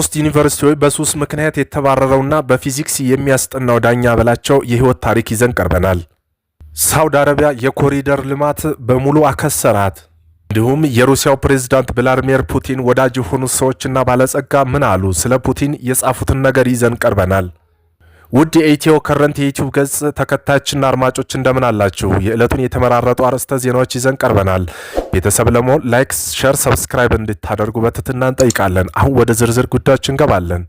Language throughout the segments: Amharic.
ከሶስት ዩኒቨርሲቲዎች በሱስ ምክንያት የተባረረውና በፊዚክስ የሚያስጠናው ዳኛ በላቸው የህይወት ታሪክ ይዘን ቀርበናል። ሳውዲ አረቢያ የኮሪደር ልማት በሙሉ አከሰራት። እንዲሁም የሩሲያው ፕሬዝዳንት ቭላድሚር ፑቲን ወዳጅ የሆኑት ሰዎችና ባለጸጋ ምን አሉ? ስለ ፑቲን የጻፉትን ነገር ይዘን ቀርበናል። ውድ የኢትዮ ከረንት የዩቲዩብ ገጽ ተከታዮችና አድማጮች እንደምን አላችሁ? የዕለቱን የተመራረጡ አርዕስተ ዜናዎች ይዘን ቀርበናል። ቤተሰብ ለመሆን ላይክ፣ ሸር፣ ሰብስክራይብ እንድታደርጉ በትትና እንጠይቃለን። አሁን ወደ ዝርዝር ጉዳዮች እንገባለን።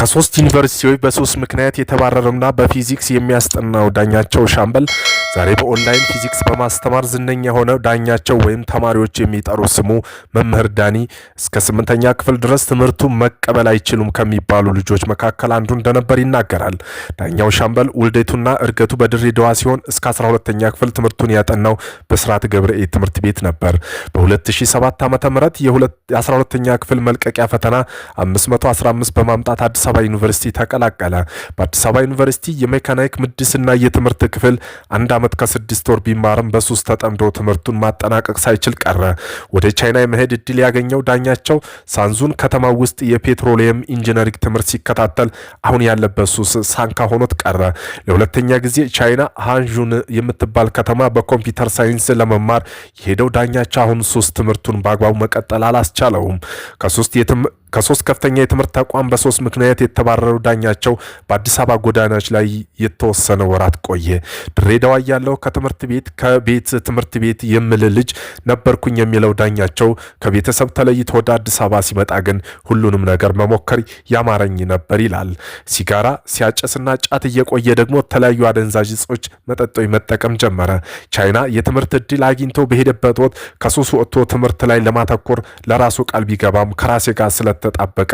ከሶስት ዩኒቨርሲቲዎች በሶስት ምክንያት የተባረረውና በፊዚክስ የሚያስጠናው ዳኛቸው ሻምበል ዛሬ በኦንላይን ፊዚክስ በማስተማር ዝነኛ የሆነ ዳኛቸው ወይም ተማሪዎች የሚጠሩ ስሙ መምህር ዳኒ እስከ ስምንተኛ ክፍል ድረስ ትምህርቱ መቀበል አይችሉም ከሚባሉ ልጆች መካከል አንዱ እንደነበር ይናገራል። ዳኛው ሻምበል ውልደቱና እርገቱ በድሬዳዋ ሲሆን እስከ 12ኛ ክፍል ትምህርቱን ያጠናው በስርዓት ገብርኤ ትምህርት ቤት ነበር። በ2007 ዓ.ም የ12ኛ ክፍል መልቀቂያ ፈተና 515 በማምጣት አዲስ አበባ ዩኒቨርሲቲ ተቀላቀለ። በአዲስ አበባ ዩኒቨርሲቲ የሜካናይክ ምድስና የትምህርት ክፍል አንድ ዓመት ከስድስት ወር ቢማርም በሱስ ተጠምዶ ትምህርቱን ማጠናቀቅ ሳይችል ቀረ። ወደ ቻይና የመሄድ እድል ያገኘው ዳኛቸው ሳንዙን ከተማ ውስጥ የፔትሮሊየም ኢንጂነሪንግ ትምህርት ሲከታተል አሁን ያለበት ሱስ ሳንካ ሆኖት ቀረ። ለሁለተኛ ጊዜ ቻይና ሃንዡን የምትባል ከተማ በኮምፒውተር ሳይንስ ለመማር የሄደው ዳኛቸው አሁን ሱስ ትምህርቱን በአግባቡ መቀጠል አላስቻለውም። ከሶስት ከሶስት ከፍተኛ የትምህርት ተቋም በሶስት ምክንያት የተባረሩ ዳኛቸው በአዲስ አበባ ጎዳናዎች ላይ የተወሰነ ወራት ቆየ። ድሬዳዋ ያለው ከትምህርት ቤት ከቤት ትምህርት ቤት የምል ልጅ ነበርኩኝ የሚለው ዳኛቸው ከቤተሰብ ተለይቶ ወደ አዲስ አበባ ሲመጣ ግን ሁሉንም ነገር መሞከር ያማረኝ ነበር ይላል። ሲጋራ ሲያጨስና ጫት እየቆየ ደግሞ የተለያዩ አደንዛዥ እጾች፣ መጠጦች መጠቀም ጀመረ። ቻይና የትምህርት እድል አግኝቶ በሄደበት ወቅት ከሶስት ወጥቶ ትምህርት ላይ ለማተኮር ለራሱ ቃል ቢገባም ከራሴ ጋር ስለ ተጣበቀ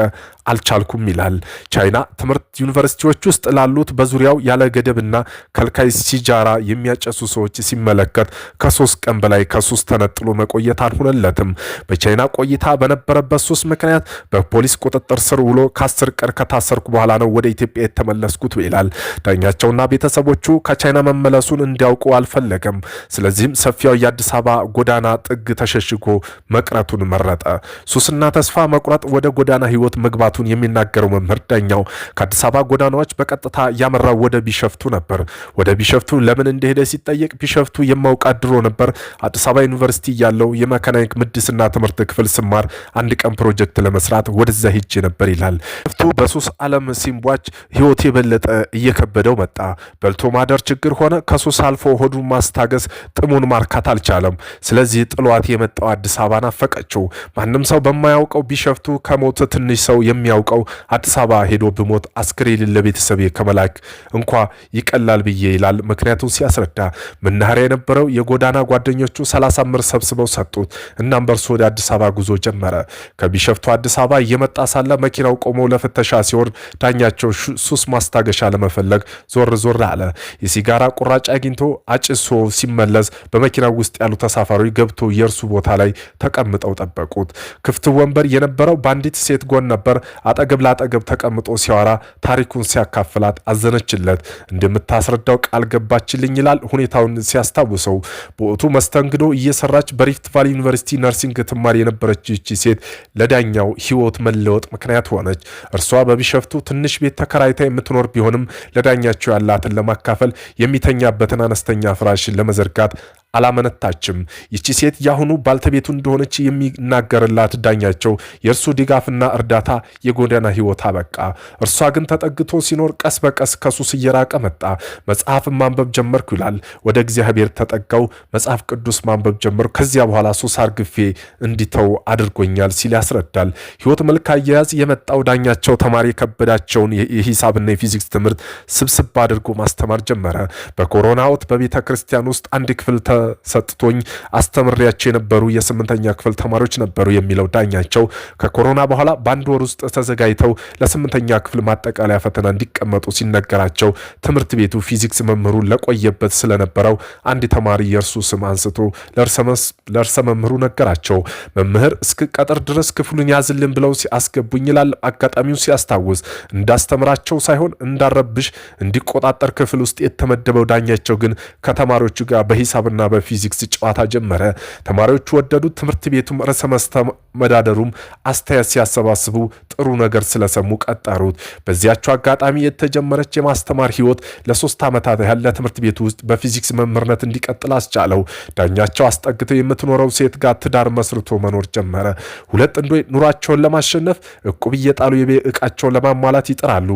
አልቻልኩም ይላል። ቻይና ትምህርት ዩኒቨርሲቲዎች ውስጥ ላሉት በዙሪያው ያለ ገደብና ከልካይ ሲጃራ የሚያጨሱ ሰዎች ሲመለከት ከሶስት ቀን በላይ ከሱስ ተነጥሎ መቆየት አልሆነለትም። በቻይና ቆይታ በነበረበት ሶስት ምክንያት በፖሊስ ቁጥጥር ስር ውሎ ከአስር ቀን ከታሰርኩ በኋላ ነው ወደ ኢትዮጵያ የተመለስኩት ይላል። ዳኛቸውና ቤተሰቦቹ ከቻይና መመለሱን እንዲያውቁ አልፈለገም። ስለዚህም ሰፊያው የአዲስ አበባ ጎዳና ጥግ ተሸሽጎ መቅረቱን መረጠ። ሱስና ተስፋ መቁረጥ ወደ ጎዳና ህይወት መግባቱን የሚናገረው መምህር ዳኛው ከአዲስ አበባ ጎዳናዎች በቀጥታ ያመራው ወደ ቢሸፍቱ ነበር። ወደ ቢሸፍቱ ለምን እንደሄደ ሲጠየቅ ቢሸፍቱ የማውቃ ድሮ ነበር አዲስ አበባ ዩኒቨርሲቲ ያለው የመካናይክ ምድስና ትምህርት ክፍል ስማር አንድ ቀን ፕሮጀክት ለመስራት ወደዛ ሂጄ ነበር ይላል። ቢሸፍቱ በሶስት ዓለም ሲምቧች ህይወት የበለጠ እየከበደው መጣ። በልቶ ማደር ችግር ሆነ። ከሶስት አልፎ ሆዱን ማስታገስ ጥሙን ማርካት አልቻለም። ስለዚህ ጥሏት የመጣው አዲስ አበባ ናፈቀችው። ማንም ሰው በማያውቀው ቢሸፍቱ ከሞ ብሞት ትንሽ ሰው የሚያውቀው አዲስ አበባ ሄዶ ብሞት አስክሬን ለቤተሰብ ከመላክ እንኳ ይቀላል ብዬ ይላል። ምክንያቱን ሲያስረዳ መናኸሪያ የነበረው የጎዳና ጓደኞቹ ሰላሳ ምር ሰብስበው ሰጡት። እናም በእርሱ ወደ አዲስ አበባ ጉዞ ጀመረ። ከቢሸፍቱ አዲስ አበባ እየመጣ ሳለ መኪናው ቆሞ ለፍተሻ ሲወርድ ዳኛቸው ሱስ ማስታገሻ ለመፈለግ ዞር ዞር አለ። የሲጋራ ቁራጭ አግኝቶ አጭሶ ሲመለስ በመኪናው ውስጥ ያሉ ተሳፋሪዎች ገብቶ የእርሱ ቦታ ላይ ተቀምጠው ጠበቁት። ክፍት ወንበር የነበረው በአንዲት ከአንዲት ሴት ጎን ነበር አጠገብ ላጠገብ ተቀምጦ ሲያወራ ታሪኩን ሲያካፍላት አዘነችለት። እንደምታስረዳው ቃል ገባችልኝ ይላል ሁኔታውን ሲያስታውሰው። በወቅቱ መስተንግዶ እየሰራች በሪፍት ቫሊ ዩኒቨርሲቲ ነርሲንግ ትማር የነበረች ይቺ ሴት ለዳኛው ህይወት መለወጥ ምክንያት ሆነች። እርሷ በቢሸፍቱ ትንሽ ቤት ተከራይታ የምትኖር ቢሆንም ለዳኛቸው ያላትን ለማካፈል የሚተኛበትን አነስተኛ ፍራሽ ለመዘርጋት አላመነታችም። ይቺ ሴት ያሁኑ ባልተቤቱ እንደሆነች የሚናገርላት ዳኛቸው የእርሱ ድጋፍና እርዳታ የጎዳና ህይወት አበቃ። እርሷ ግን ተጠግቶ ሲኖር ቀስ በቀስ ከሱስ እየራቀ መጣ። መጽሐፍ ማንበብ ጀመርኩ ይላል። ወደ እግዚአብሔር ተጠጋው፣ መጽሐፍ ቅዱስ ማንበብ ጀመርኩ። ከዚያ በኋላ ሱስ አርግፌ እንዲተው አድርጎኛል ሲል ያስረዳል። ህይወት መልክ አያያዝ የመጣው ዳኛቸው ተማሪ የከበዳቸውን የሂሳብና የፊዚክስ ትምህርት ስብስብ አድርጎ ማስተማር ጀመረ። በኮሮና ወቅት በቤተ ክርስቲያን ውስጥ አንድ ክፍል ሰጥቶኝ አስተምሬያቸው የነበሩ የስምንተኛ ክፍል ተማሪዎች ነበሩ የሚለው ዳኛቸው ከኮሮና በኋላ በአንድ ወር ውስጥ ተዘጋጅተው ለስምንተኛ ክፍል ማጠቃለያ ፈተና እንዲቀመጡ ሲነገራቸው ትምህርት ቤቱ ፊዚክስ መምህሩ ለቆየበት ስለነበረው አንድ ተማሪ የእርሱ ስም አንስቶ ለእርሰ መምህሩ ነገራቸው። መምህር እስክ ቀጥር ድረስ ክፍሉን ያዝልን ብለው አስገቡኝ ይላል አጋጣሚው ሲያስታውስ እንዳስተምራቸው ሳይሆን እንዳረብሽ እንዲቆጣጠር ክፍል ውስጥ የተመደበው ዳኛቸው ግን ከተማሪዎቹ ጋር በሂሳብና በፊዚክስ ጨዋታ ጀመረ። ተማሪዎቹ ወደዱት። ትምህርት ቤቱም ርዕሰ መስተዳደሩም አስተያየት ሲያሰባስቡ ጥሩ ነገር ስለሰሙ ቀጠሩት። በዚያቸው አጋጣሚ የተጀመረች የማስተማር ህይወት ለሶስት ዓመታት ያህል ለትምህርት ቤቱ ውስጥ በፊዚክስ መምህርነት እንዲቀጥል አስቻለው። ዳኛቸው አስጠግተው የምትኖረው ሴት ጋር ትዳር መስርቶ መኖር ጀመረ። ሁለት ጥንዶች ኑሯቸውን ለማሸነፍ እቁብ እየጣሉ የቤት እቃቸውን ለማሟላት ይጥራሉ።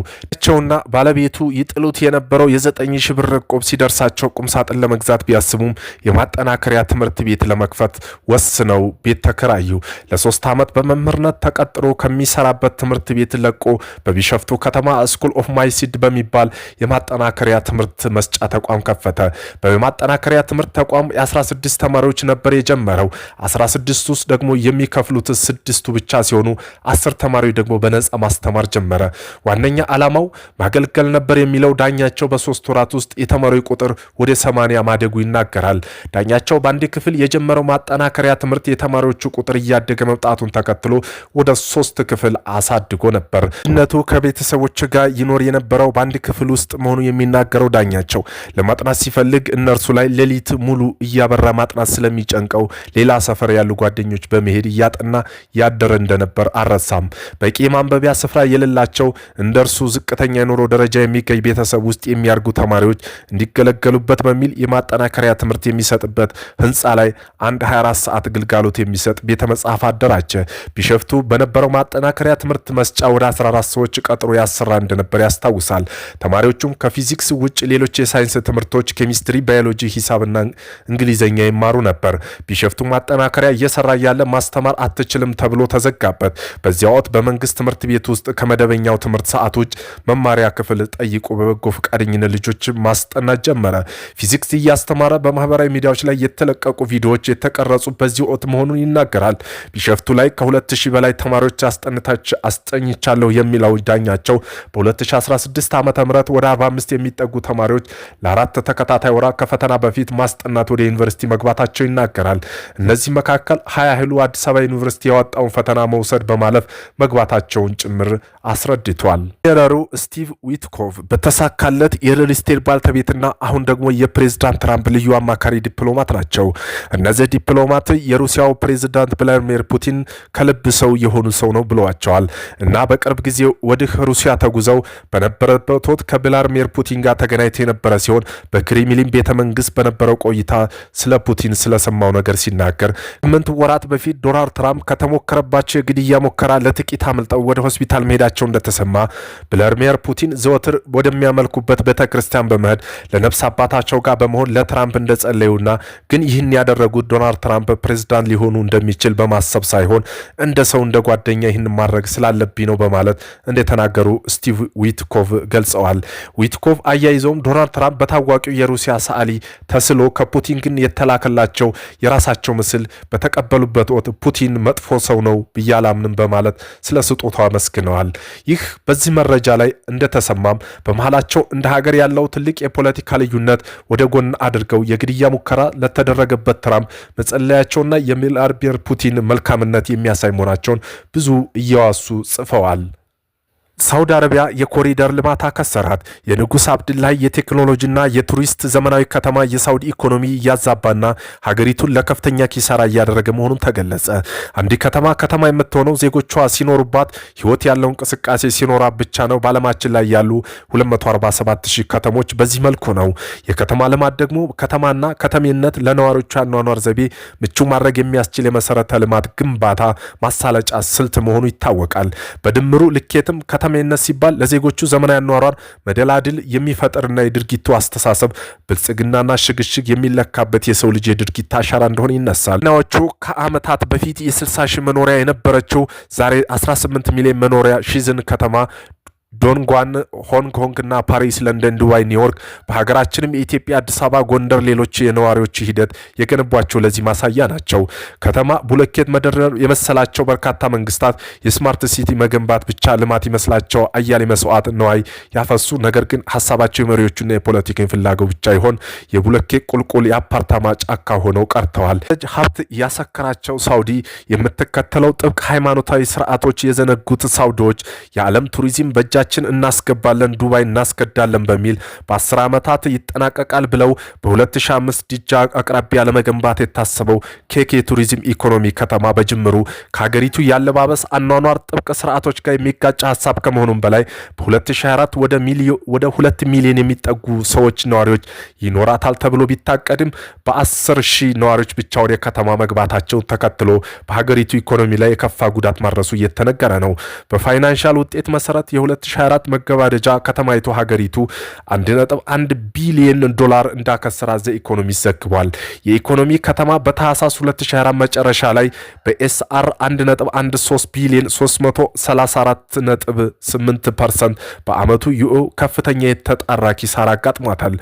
ቸውና ባለቤቱ ይጥሉት የነበረው የዘጠኝ ሺህ ብር እቁብ ሲደርሳቸው ቁምሳጥን ለመግዛት ቢያስቡም የማጠናከሪያ ትምህርት ቤት ለመክፈት ወስነው ቤት ተከራዩ። ለሶስት ዓመት በመምህርነት ተቀጥሮ ከሚሰራበት ትምህርት ቤት ለቆ በቢሸፍቱ ከተማ ስኩል ኦፍ ማይሲድ በሚባል የማጠናከሪያ ትምህርት መስጫ ተቋም ከፈተ። በማጠናከሪያ ትምህርት ተቋም የ16 ተማሪዎች ነበር የጀመረው። 16 ውስጥ ደግሞ የሚከፍሉት ስድስቱ ብቻ ሲሆኑ አስር ተማሪዎች ደግሞ በነጻ ማስተማር ጀመረ። ዋነኛ ዓላማው ማገልገል ነበር የሚለው ዳኛቸው በሶስት ወራት ውስጥ የተማሪ ቁጥር ወደ 80 ማደጉ ይናገራል። ዳኛቸው በአንድ ክፍል የጀመረው ማጠናከሪያ ትምህርት የተማሪዎቹ ቁጥር እያደገ መምጣቱን ተከትሎ ወደ ሶስት ክፍል አሳድጎ ነበር። ነቱ ከቤተሰቦች ጋር ይኖር የነበረው በአንድ ክፍል ውስጥ መሆኑ የሚናገረው ዳኛቸው ለማጥናት ሲፈልግ እነርሱ ላይ ሌሊት ሙሉ እያበራ ማጥናት ስለሚጨንቀው ሌላ ሰፈር ያሉ ጓደኞች በመሄድ እያጠና ያደረ እንደነበር አረሳም። በቂ ማንበቢያ ስፍራ የሌላቸው እንደ እርሱ ዝቅተኛ የኑሮ ደረጃ የሚገኝ ቤተሰብ ውስጥ የሚያርጉ ተማሪዎች እንዲገለገሉበት በሚል የማጠናከሪያ ትምህርት የሚ የሚሰጥበት ህንፃ ላይ አንድ 24 ሰዓት ግልጋሎት የሚሰጥ ቤተ መጽሐፍ አደራጀ። ቢሸፍቱ በነበረው ማጠናከሪያ ትምህርት መስጫ ወደ 14 ሰዎች ቀጥሮ ያሰራ እንደነበር ያስታውሳል። ተማሪዎቹም ከፊዚክስ ውጭ ሌሎች የሳይንስ ትምህርቶች ኬሚስትሪ፣ ባዮሎጂ፣ ሂሳብና እንግሊዝኛ ይማሩ ነበር። ቢሸፍቱ ማጠናከሪያ እየሰራ ያለ ማስተማር አትችልም ተብሎ ተዘጋበት። በዚያ ወቅት በመንግስት ትምህርት ቤት ውስጥ ከመደበኛው ትምህርት ሰዓት ውጭ መማሪያ ክፍል ጠይቆ በበጎ ፈቃደኝነት ልጆች ማስጠናት ጀመረ። ፊዚክስ እያስተማረ በማህበራዊ ማህበራዊ ሚዲያዎች ላይ የተለቀቁ ቪዲዮዎች የተቀረጹ በዚህ ወቅት መሆኑን ይናገራል። ቢሸፍቱ ላይ ከ2000 በላይ ተማሪዎች አስጠንታች አስጠኝቻለሁ የሚለው ዳኛቸው በ2016 ዓ ም ወደ 45 የሚጠጉ ተማሪዎች ለአራት ተከታታይ ወራ ከፈተና በፊት ማስጠናት ወደ ዩኒቨርሲቲ መግባታቸው ይናገራል። እነዚህ መካከል ሀያ ያህሉ አዲስ አበባ ዩኒቨርሲቲ ያወጣውን ፈተና መውሰድ በማለፍ መግባታቸውን ጭምር አስረድቷል። ቴረሩ ስቲቭ ዊትኮቭ በተሳካለት የሪል ስቴት ባልተቤትና አሁን ደግሞ የፕሬዚዳንት ትራምፕ ልዩ አማካሪ ዲፕሎማት ናቸው። እነዚህ ዲፕሎማት የሩሲያው ፕሬዝዳንት ቭላዲሚር ፑቲን ከልብ ሰው የሆኑ ሰው ነው ብለዋቸዋል እና በቅርብ ጊዜ ወዲህ ሩሲያ ተጉዘው በነበረበት ወቅት ከቭላዲሚር ፑቲን ጋር ተገናኝተው የነበረ ሲሆን በክሪምሊን ቤተ መንግስት በነበረው ቆይታ ስለ ፑቲን ስለሰማው ነገር ሲናገር ስምንት ወራት በፊት ዶናልድ ትራምፕ ከተሞከረባቸው የግድያ ሙከራ ለጥቂት አምልጠው ወደ ሆስፒታል መሄዳቸው እንደተሰማ ቭላዲሚር ፑቲን ዘወትር ወደሚያመልኩበት ቤተ ክርስቲያን በመሄድ ለነፍስ አባታቸው ጋር በመሆን ለትራምፕ እንደጸለዩ ጉዳዩና ግን ይህን ያደረጉት ዶናልድ ትራምፕ ፕሬዝዳንት ሊሆኑ እንደሚችል በማሰብ ሳይሆን እንደ ሰው እንደ ጓደኛ ይህን ማድረግ ስላለብኝ ነው በማለት እንደተናገሩ ስቲቭ ዊትኮቭ ገልጸዋል። ዊትኮቭ አያይዘውም ዶናልድ ትራምፕ በታዋቂው የሩሲያ ሰዓሊ ተስሎ ከፑቲን ግን የተላከላቸው የራሳቸው ምስል በተቀበሉበት ወቅት ፑቲን መጥፎ ሰው ነው ብዬ አላምንም በማለት ስለ ስጦታ አመስግነዋል። ይህ በዚህ መረጃ ላይ እንደተሰማም በመሃላቸው እንደ ሀገር ያለው ትልቅ የፖለቲካ ልዩነት ወደ ጎን አድርገው የግድያ ሙከራ ለተደረገበት ትራምፕ መጸለያቸውና የሚላዲሚር ፑቲን መልካምነት የሚያሳይ መሆናቸውን ብዙ እያዋሱ ጽፈዋል። ሳውዲ አረቢያ የኮሪደር ልማት አከሰራት። የንጉሥ አብድላይ የቴክኖሎጂና የቱሪስት ዘመናዊ ከተማ የሳውዲ ኢኮኖሚ እያዛባና ሀገሪቱን ለከፍተኛ ኪሳራ እያደረገ መሆኑን ተገለጸ። አንድ ከተማ ከተማ የምትሆነው ዜጎቿ ሲኖሩባት ህይወት ያለው እንቅስቃሴ ሲኖራ ብቻ ነው። በዓለማችን ላይ ያሉ 247 ከተሞች በዚህ መልኩ ነው። የከተማ ልማት ደግሞ ከተማና ከተሜነት ለነዋሪዎቿ አኗኗር ዘይቤ ምቹ ማድረግ የሚያስችል የመሰረተ ልማት ግንባታ ማሳለጫ ስልት መሆኑ ይታወቃል። በድምሩ ልኬትም ከተማ ተጠቃሚነት ሲባል ለዜጎቹ ዘመናዊ አኗሯር መደላድል የሚፈጠርና የድርጊቱ አስተሳሰብ ብልጽግናና ሽግሽግ የሚለካበት የሰው ልጅ የድርጊት አሻራ እንደሆነ ይነሳል። ናዎቹ ከዓመታት በፊት የ60 ሺህ መኖሪያ የነበረችው ዛሬ 18 ሚሊዮን መኖሪያ ሺዝን ከተማ ዶንጓን፣ ሆንግ ኮንግ እና ፓሪስ፣ ለንደን፣ ዱባይ፣ ኒውዮርክ በሀገራችንም የኢትዮጵያ አዲስ አበባ፣ ጎንደር ሌሎች የነዋሪዎች ሂደት የገነቧቸው ለዚህ ማሳያ ናቸው። ከተማ ቡለኬት መደርደር የመሰላቸው በርካታ መንግስታት የስማርት ሲቲ መገንባት ብቻ ልማት ይመስላቸው አያሌ መስዋዕት ነዋይ ያፈሱ። ነገር ግን ሀሳባቸው የመሪዎቹና የፖለቲከኝ ፍላጎ ብቻ ይሆን? የቡለኬት ቁልቁል የአፓርታማ ጫካ ሆነው ቀርተዋል። ሀብት ያሰከራቸው ሳውዲ የምትከተለው ጥብቅ ሃይማኖታዊ ስርዓቶች የዘነጉት ሳውዲዎች የዓለም ቱሪዝም በጃ በእጃችን እናስገባለን፣ ዱባይ እናስገዳለን በሚል በ10 ዓመታት ይጠናቀቃል ብለው በ2005 ዲጃ አቅራቢያ ለመገንባት የታሰበው ኬክ የቱሪዝም ኢኮኖሚ ከተማ በጅምሩ ከሀገሪቱ ያለባበስ፣ አኗኗር፣ ጥብቅ ስርዓቶች ጋር የሚጋጭ ሀሳብ ከመሆኑም በላይ በ2024 ወደ ሁለት ሚሊዮን የሚጠጉ ሰዎች ነዋሪዎች ይኖራታል ተብሎ ቢታቀድም በአስር ሺህ ነዋሪዎች ብቻ ወደ ከተማ መግባታቸውን ተከትሎ በሀገሪቱ ኢኮኖሚ ላይ የከፋ ጉዳት ማድረሱ እየተነገረ ነው። በፋይናንሻል ውጤት መሰረት የ20 በ2024 መገባደጃ ከተማይቱ ሀገሪቱ 1.1 ቢሊየን ዶላር እንዳከሰራ ዘ ኢኮኖሚስት ዘግቧል። የኢኮኖሚ ከተማ በታህሳስ 2024 መጨረሻ ላይ በኤስአር 1.13 ቢሊየን 334.8 ፐርሰንት በአመቱ ዩኦ ከፍተኛ የተጣራ ኪሳራ አጋጥሟታል።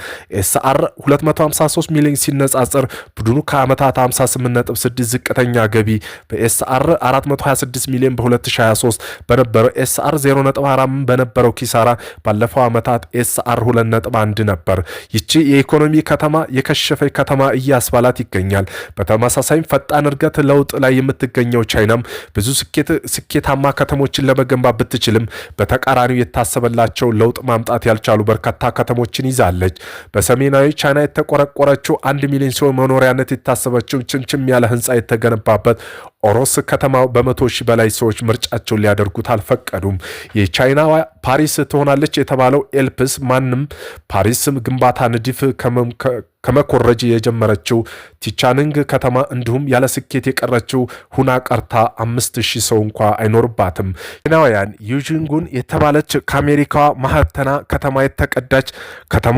ኤስአር 253 ሚሊዮን ሲነጻጸር ቡድኑ ከአመታት 58.6 ዝቅተኛ ገቢ በኤስአር 426 ሚሊዮን በ2023 በነበረው ኤስአር 0.4 የነበረው ኪሳራ ባለፈው ዓመታት ኤስአር ሁለት ነጥብ አንድ ነበር። ይቺ የኢኮኖሚ ከተማ የከሸፈ ከተማ እያስባላት ይገኛል። በተመሳሳይም ፈጣን እድገት ለውጥ ላይ የምትገኘው ቻይናም ብዙ ስኬታማ ከተሞችን ለመገንባት ብትችልም በተቃራኒው የታሰበላቸው ለውጥ ማምጣት ያልቻሉ በርካታ ከተሞችን ይዛለች። በሰሜናዊ ቻይና የተቆረቆረችው አንድ ሚሊዮን ሲሆን መኖሪያነት የታሰበችው ችምችም ያለ ህንፃ የተገነባበት ኦሮስ ከተማ በመቶ ሺህ በላይ ሰዎች ምርጫቸውን ሊያደርጉት አልፈቀዱም። የቻይናዋ ፓሪስ ትሆናለች የተባለው ኤልፕስ ማንም ፓሪስ ግንባታ ንድፍ ከመኮረጅ የጀመረችው ቲቻንንግ ከተማ እንዲሁም ያለ ስኬት የቀረችው ሁና ቀርታ አምስት ሺህ ሰው እንኳ አይኖርባትም። ቻይናውያን ዩጂንጉን የተባለች ከአሜሪካዋ ማህተና ከተማ የተቀዳች ከተማ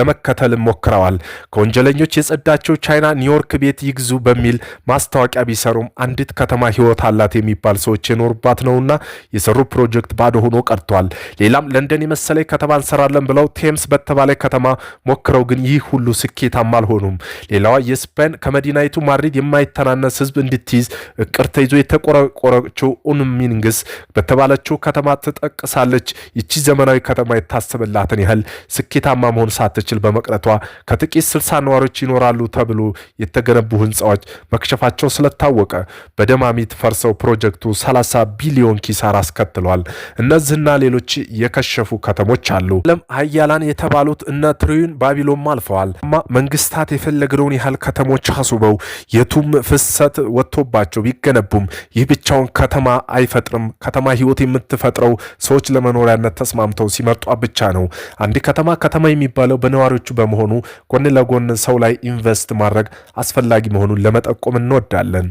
ለመከተል ሞክረዋል። ከወንጀለኞች የጸዳቸው ቻይና ኒውዮርክ ቤት ይግዙ በሚል ማስታወቂያ ቢሰሩም አንዲት ከተማ ህይወት አላት የሚባል ሰዎች የኖሩባት ነውና የሰሩ ፕሮጀክት ባዶ ሆኖ ቀርቷል። ሌላም ለንደን የመሰለ ከተማ እንሰራለን ብለው ቴምስ በተባለ ከተማ ሞክረው ግን ይህ ሁሉ ስኬታማ አልሆኑም። ሌላዋ የስፔን ከመዲናይቱ ማድሪድ የማይተናነስ ህዝብ እንድትይዝ እቅር ተይዞ የተቆረቆረችው ኡንሚንግስ በተባለችው ከተማ ትጠቅሳለች። ይቺ ዘመናዊ ከተማ የታሰበላትን ያህል ስኬታማ መሆን ሳትችል በመቅረቷ ከጥቂት ስልሳ ነዋሪዎች ይኖራሉ ተብሎ የተገነቡ ህንፃዎች መክሸፋቸው ስለታወቀ በደማሚት ፈርሰው ፕሮጀክቱ 30 ቢሊዮን ኪሳራ አስከትሏል። እነዚህን እና ሌሎች የከሸፉ ከተሞች አሉ። ዓለም ሀያላን የተባሉት እነ ትሪዩን ባቢሎን አልፈዋል። መንግስታት የፈለግነውን ያህል ከተሞች አስበው የቱም ፍሰት ወጥቶባቸው ቢገነቡም ይህ ብቻውን ከተማ አይፈጥርም። ከተማ ህይወት የምትፈጥረው ሰዎች ለመኖሪያነት ተስማምተው ሲመርጧ ብቻ ነው። አንድ ከተማ ከተማ የሚባለው በነዋሪዎቹ በመሆኑ ጎን ለጎን ሰው ላይ ኢንቨስት ማድረግ አስፈላጊ መሆኑን ለመጠቆም እንወዳለን።